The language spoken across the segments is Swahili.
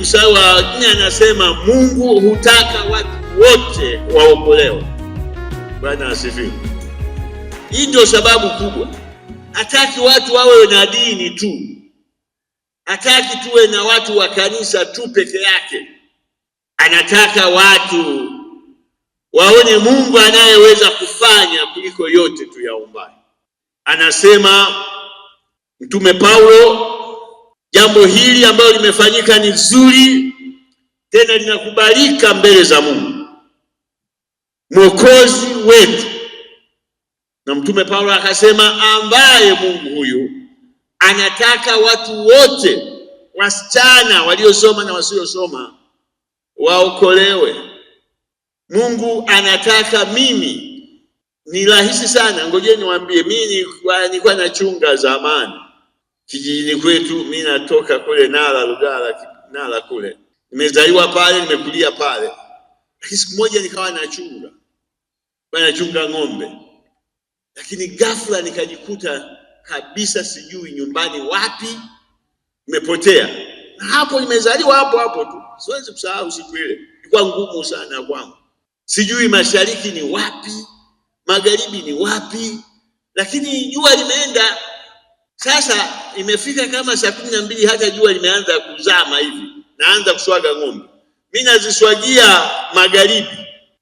msawa mstari wa nne anasema Mungu hutaka watu wote waokolewe. Bwana asifiwe. Hii ndio sababu kubwa, hataki watu wawe na dini tu, hataki tuwe na watu wa kanisa tu peke yake. Anataka watu waone Mungu anayeweza kufanya kuliko yote tu yaombayo. Anasema Mtume Paulo Jambo hili ambalo limefanyika ni zuri tena linakubalika mbele za Mungu. Mwokozi wetu na Mtume Paulo akasema, ambaye Mungu huyu anataka watu wote, wasichana waliosoma na wasiosoma, waokolewe. Mungu anataka mimi. Ni rahisi sana, ngojeni niwaambie, mimi nilikuwa nachunga zamani kijijini kwetu. mi natoka kule Nala, Lugala, Nala kule, nimezaliwa pale, nimekulia pale, lakini siku moja nikawa nachunga nachunga ng'ombe, lakini ghafla nikajikuta kabisa sijui nyumbani wapi, nimepotea. Na hapo nimezaliwa hapo hapo tu, siwezi kusahau siku ile, ilikuwa ngumu sana kwangu, sijui mashariki ni wapi, magharibi ni wapi, lakini jua limeenda sasa imefika kama saa kumi na mbili hata jua limeanza kuzama hivi, naanza kuswaga ng'ombe. Mimi naziswagia magharibi,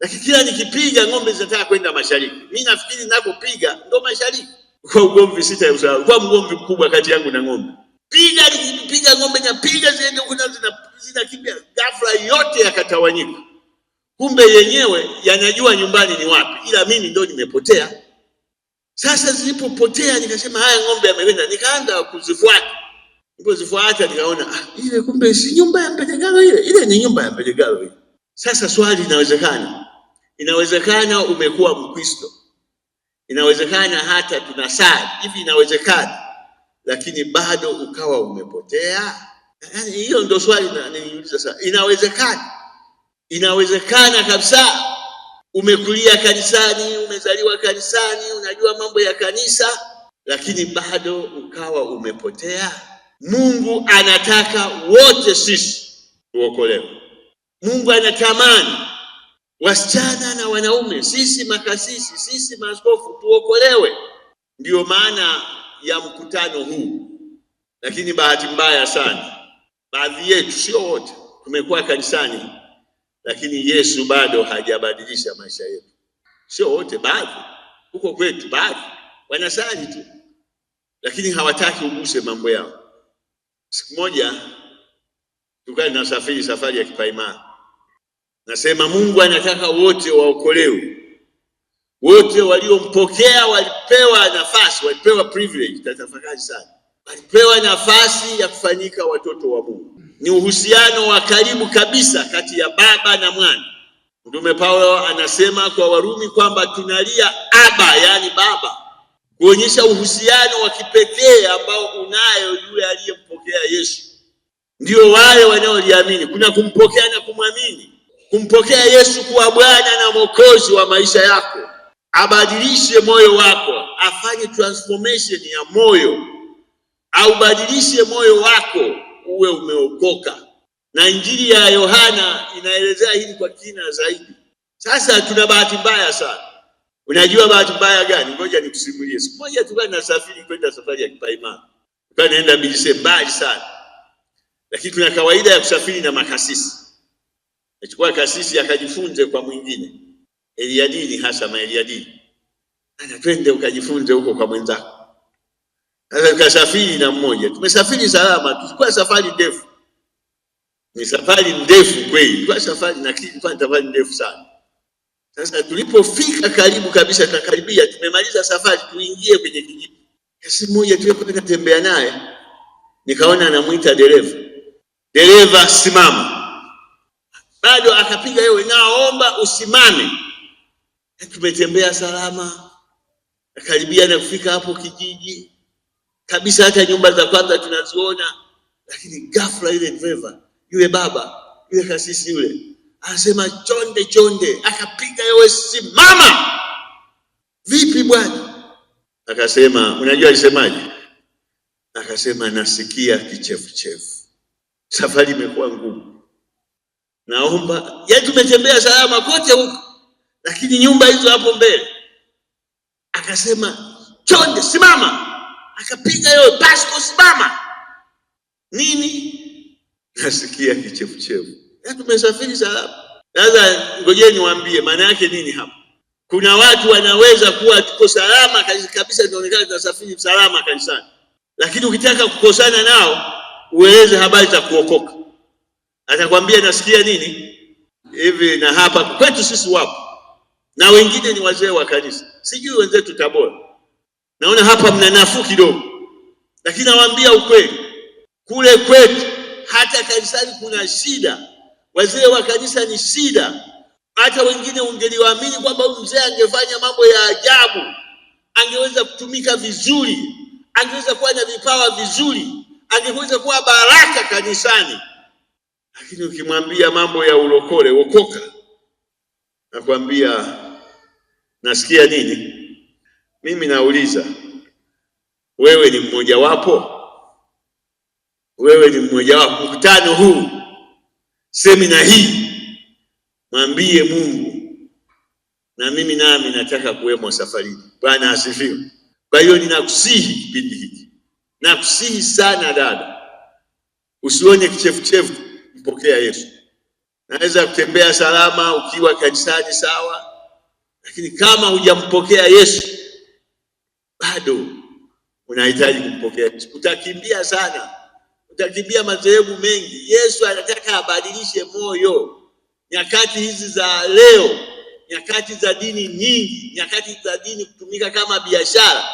lakini kila nikipiga ng'ombe zinataka kwenda mashariki. Mimi nafikiri ninapopiga ndo mashariki. Kwa ugomvi sita usahau, kwa mgomvi mkubwa kati yangu na ng'ombe, piga nikipiga ng'ombe napiga ziende huko, kimbia, ghafla, yote yakatawanyika. Kumbe yenyewe yanajua nyumbani ni wapi, ila mimi ndo nimepotea. Sasa zilipopotea nikasema haya, ng'ombe yameenda, nikaanza kuzifuata. Nilipozifuata nikaona ah, ile kumbe si nyumba ya Mpelegalo ile, ile ni nyumba ya Mpelegalo ile. Sasa swali, inawezekana inawezekana umekuwa Mkristo, inawezekana hata tunasali hivi, inawezekana lakini bado ukawa umepotea. Yaani hiyo ndio swali niliuliza. Sasa inawezekana, inawezekana kabisa Umekulia kanisani, umezaliwa kanisani, unajua mambo ya kanisa, lakini bado ukawa umepotea. Mungu anataka wote sisi tuokolewe. Mungu anatamani wasichana na wanaume, sisi makasisi, sisi maaskofu tuokolewe. Ndiyo maana ya mkutano huu. Lakini bahati mbaya sana, baadhi yetu, sio wote, tumekuwa kanisani lakini Yesu bado hajabadilisha maisha yetu. Sio wote, baadhi huko kwetu, baadhi wanasali tu, lakini hawataki uguse mambo yao. Siku moja tukali nasafiri safari ya kipaimara, nasema Mungu anataka wote waokolewe. Wote waliompokea walipewa nafasi, walipewa privilege. Tatafakari sana, walipewa nafasi ya kufanyika watoto wa Mungu ni uhusiano wa karibu kabisa kati ya baba na mwana. Mtume Paulo anasema kwa Warumi kwamba tunalia aba, yaani baba, kuonyesha uhusiano wa kipekee ambao unayo yule aliyempokea Yesu. Ndio wale wanaoliamini, kuna kumpokea na kumwamini. Kumpokea Yesu kuwa Bwana na Mwokozi wa maisha yako, abadilishe moyo wako, afanye transformation ya moyo, aubadilishe moyo wako uwe umeokoka. Na injili ya Yohana inaelezea hili kwa kina zaidi. Sasa tuna bahati mbaya sana. Unajua bahati mbaya gani? Ngoja nikusimulie. Siku moja tulikuwa tunasafiri kwenda safari ya kipaimara, tulikuwa naenda Bilise mbali sana, lakini tuna kawaida ya kusafiri na makasisi. Nachukua kasisi akajifunze kwa mwingine, Eliadini hasa maeliadini, ana twende ukajifunze huko kwa mwenzako sasa tukasafiri na mmoja, tumesafiri salama, tulikuwa safari ndefu, ni safari ndefu kweli, tulikuwa safari na kilikuwa safari ndefu sana. Sasa tulipofika karibu kabisa, takaribia tumemaliza safari, tuingie kwenye kijiji, kasi mmoja tulikuwa tunatembea naye, nikaona anamuita dereva, dereva simama, bado akapiga yewe, naomba usimame. Tumetembea salama, karibia na kufika hapo kijiji kabisa, hata nyumba za kwanza tunaziona, lakini ghafla ile dreva yule baba yule kasisi yule anasema chonde chonde, akapiga yowe, simama! Vipi bwana? Akasema, unajua alisemaje? Akasema, nasikia kichefuchefu, safari imekuwa ngumu, naomba. Yaani tumetembea salama kote huko, lakini nyumba hizo hapo mbele. Akasema, chonde, simama akapiga yoyo, basi kusimama nini, nasikia kichefuchefu. Tumesafiri salama. Sasa ngojeni niwaambie maana yake nini hapa. Kuna watu wanaweza kuwa tuko salama kabisa, inaonekana tunasafiri salama kanisani, lakini ukitaka kukosana nao ueleze habari za kuokoka, atakwambia nasikia nini hivi na hapa kwetu sisi wapo na wengine ni wazee wa kanisa, sijui wenzetu Tabora Naona hapa mna nafuu kidogo, lakini nawaambia ukweli, kule kwetu hata kanisani kuna shida. Wazee wa kanisa ni shida. Hata wengine ungeliwaamini kwamba huyu mzee angefanya mambo ya ajabu, angeweza kutumika vizuri, angeweza kuwa na vipawa vizuri, angeweza kuwa baraka kanisani, lakini ukimwambia mambo ya ulokole, wokoka, nakwambia nasikia nini mimi nauliza wewe ni mmojawapo? Wewe ni mmoja wapo Mkutano huu, semina hii, mwambie Mungu na mimi nami nataka kuwemo safarini. Bwana asifiwe. Kwa hiyo ninakusihi kipindi hiki, nakusihi sana dada, usione kichefuchefu, mpokea Yesu. Naweza kutembea salama ukiwa kanisani, sawa, lakini kama hujampokea Yesu bado unahitaji kumpokea. Utakimbia sana, utakimbia madhehebu mengi. Yesu anataka abadilishe moyo. Nyakati hizi za leo, nyakati za dini nyingi, nyakati za dini kutumika kama biashara,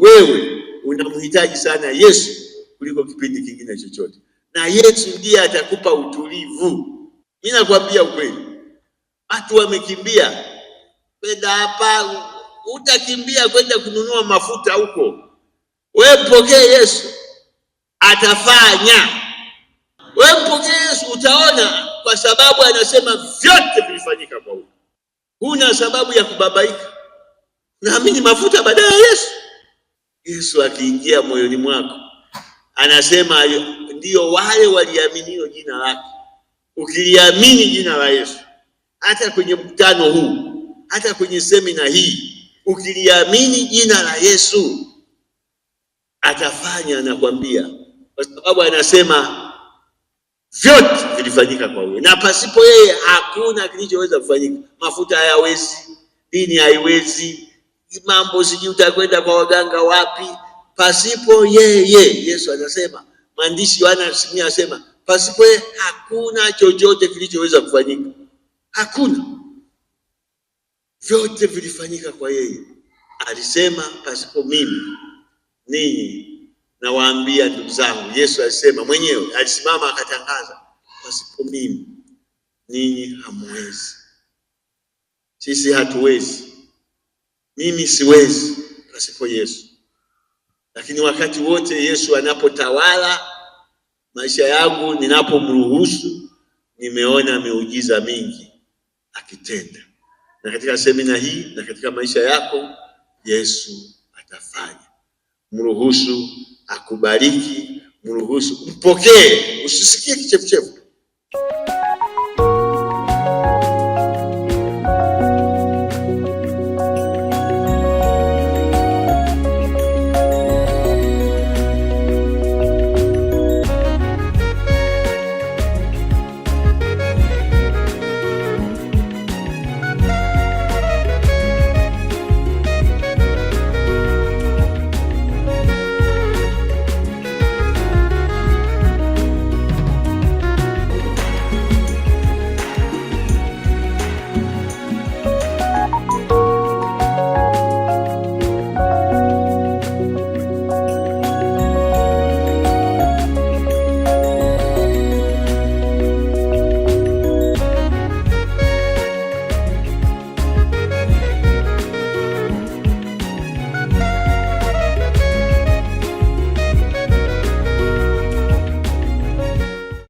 wewe unamhitaji sana Yesu kuliko kipindi kingine chochote, na Yesu ndiye atakupa utulivu. Mimi nakwambia ukweli, watu wamekimbia kwenda hapa utakimbia kwenda kununua mafuta huko. We mpokee Yesu, atafanya. We mpokee Yesu, utaona, kwa sababu anasema vyote vilifanyika kwa huyu. Huna sababu ya kubabaika, naamini mafuta badala ya Yesu. Yesu akiingia moyoni mwako, anasema ndiyo wale waliaminio jina lake. Ukiliamini jina la Yesu, hata kwenye mkutano huu, hata kwenye semina hii ukiliamini jina la Yesu atafanya, anakwambia, kwa sababu anasema vyote vilifanyika kwa yeye, na pasipo yeye hakuna kilichoweza kufanyika. Mafuta hayawezi, dini haiwezi, mambo sijui utakwenda kwa waganga wapi, pasipo yeye. Yesu anasema, maandishi Yohana simia asema, pasipo yeye hakuna chochote kilichoweza kufanyika, hakuna vyote vilifanyika kwa yeye. Alisema pasipo mimi ninyi nawaambia ndugu zangu, Yesu alisema mwenyewe, alisimama akatangaza, pasipo mimi ninyi hamwezi. Sisi hatuwezi, mimi siwezi pasipo Yesu. Lakini wakati wote Yesu anapotawala maisha yangu, ninapomruhusu, nimeona miujiza mingi akitenda na katika semina hii na katika maisha yako, Yesu atafanya. Mruhusu akubariki, mruhusu, mpokee, usisikie kichefuchefu.